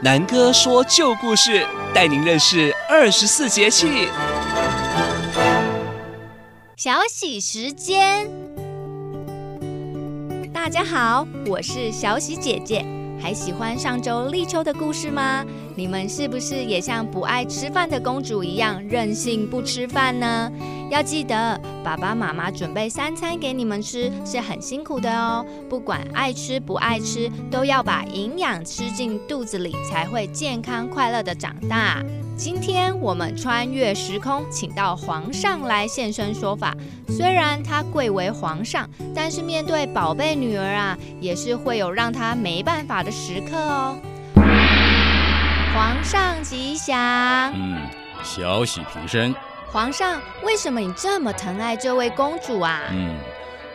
南哥說舊故事，帶您認識二十四節氣。小喜時間，大家好，我是小喜姐姐。還喜歡上周立秋的故事嗎？你們是不是也像不愛吃飯的公主一樣任性不吃飯呢？要記得。爸爸媽媽準備三餐給你們吃是很辛苦的哦，不管愛吃不愛吃，都要把營養吃進肚子裡，才會健康快樂的長大。今天我們穿越時空，請到皇上來現身說法。雖然他貴為皇上，但是面對寶貝女兒啊，也是會有讓他沒辦法的時刻哦。皇上吉祥。嗯，小喜平身。皇上，為什麼你這麼疼愛這位公主啊？嗯，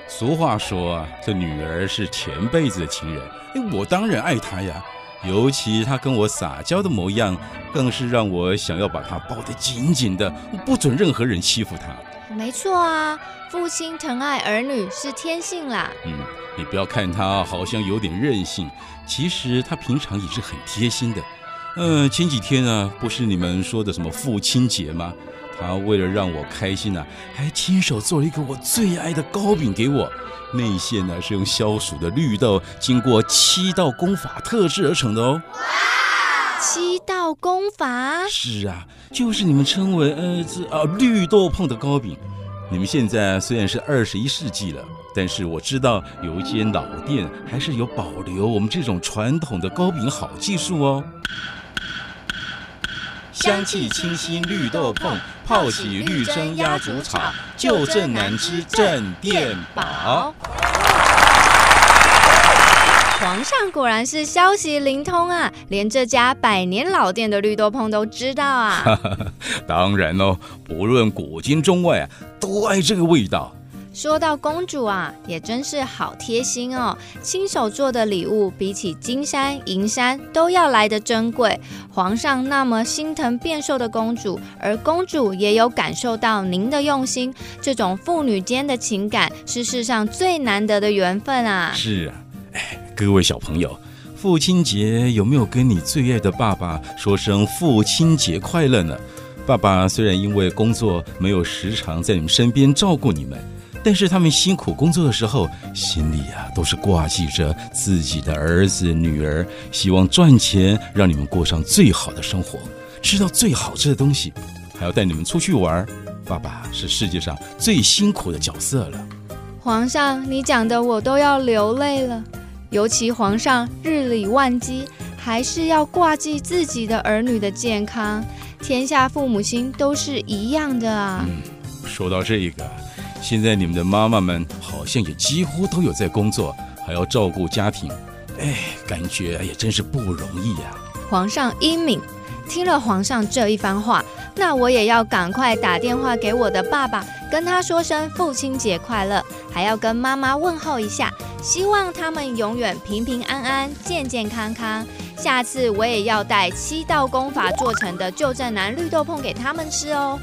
俗話說啊，這女兒是前輩子的情人。誒，我當然愛她呀，尤其她跟我撒嬌的模樣，更是讓我想要把她抱得緊緊的，不准任何人欺負她。沒錯啊，父親疼愛兒女是天性啦。嗯，你不要看她好像有點任性，其實她平常也是很貼心的。嗯、呃，前幾天呢、啊，不是你們說的什麼父親節嗎？啊，為了讓我開心呢、啊，還親手做了一個我最愛的糕餅給我。內餡呢是用消暑的綠豆，經過七道功法特制而成的哦。七道功法？是啊，就是你們稱為呃這啊綠豆椪的糕餅。你們現在雖然是二十一世紀了，但是我知道有一間老店還是有保留我們這種傳統的糕餅好技術哦。香氣清新，綠豆椪，泡起綠蒸鴨竹草，就正難吃鎮店寶。皇上果然是消息靈通啊，連這家百年老店的綠豆椪都知道啊。 當然嘍、哦，不論古今中外啊，都愛這個味道。說到公主啊，也真是好貼心哦！親手做的禮物，比起金山銀山都要來得珍貴。皇上那麼心疼變瘦的公主，而公主也有感受到您的用心。這種父女間的情感是世上最難得的緣分啊！是啊，哎，各位小朋友，父親節有沒有跟你最愛的爸爸說聲父親節快樂呢？爸爸雖然因為工作沒有時常在你們身邊照顧你們。但是他們辛苦工作的時候，心裡啊都是掛記着自己的兒子女兒，希望賺錢讓你們過上最好的生活，吃到最好吃的東西，還要帶你們出去玩。爸爸是世界上最辛苦的角色了。皇上，你講的我都要流淚了。尤其皇上日理萬機，還是要掛記自己的兒女的健康。天下父母心都是一樣的啊。嗯，說到這個。現在你們的媽媽們好像也幾乎都有在工作，還要照顧家庭，哎，感覺也真是不容易呀、啊。皇上英明，聽了皇上這一番話，那我也要趕快打電話給我的爸爸，跟他說聲父親節快樂，還要跟媽媽問候一下，希望他們永遠平平安安、健健康康。下次我也要帶七道工法做成的舊振南綠豆椪給他們吃哦。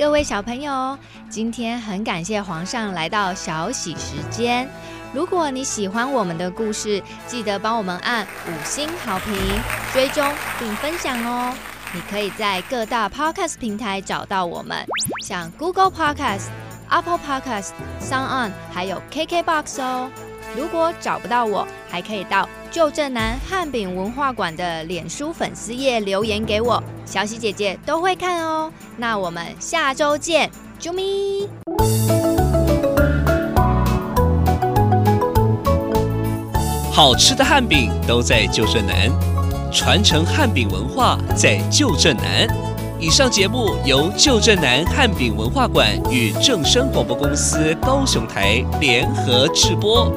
各位小朋友，今天很感謝皇上來到小喜時間。如果你喜歡我們的故事，記得幫我們按五星好評、追蹤並分享哦。你可以在各大 Podcast 平台找到我們，像 Google Podcast、Apple Podcast、Sound On 還有 KKBOX 哦。如果找不到我，我還可以到。舊振南漢餅文化館的臉書粉絲頁留言給我，小喜姐姐都會看哦。那我們下周見，啾咪！好吃的漢餅都在舊振南，傳承漢餅文化在舊振南。以上節目由舊振南漢餅文化館與正聲廣播公司高雄台聯合制播。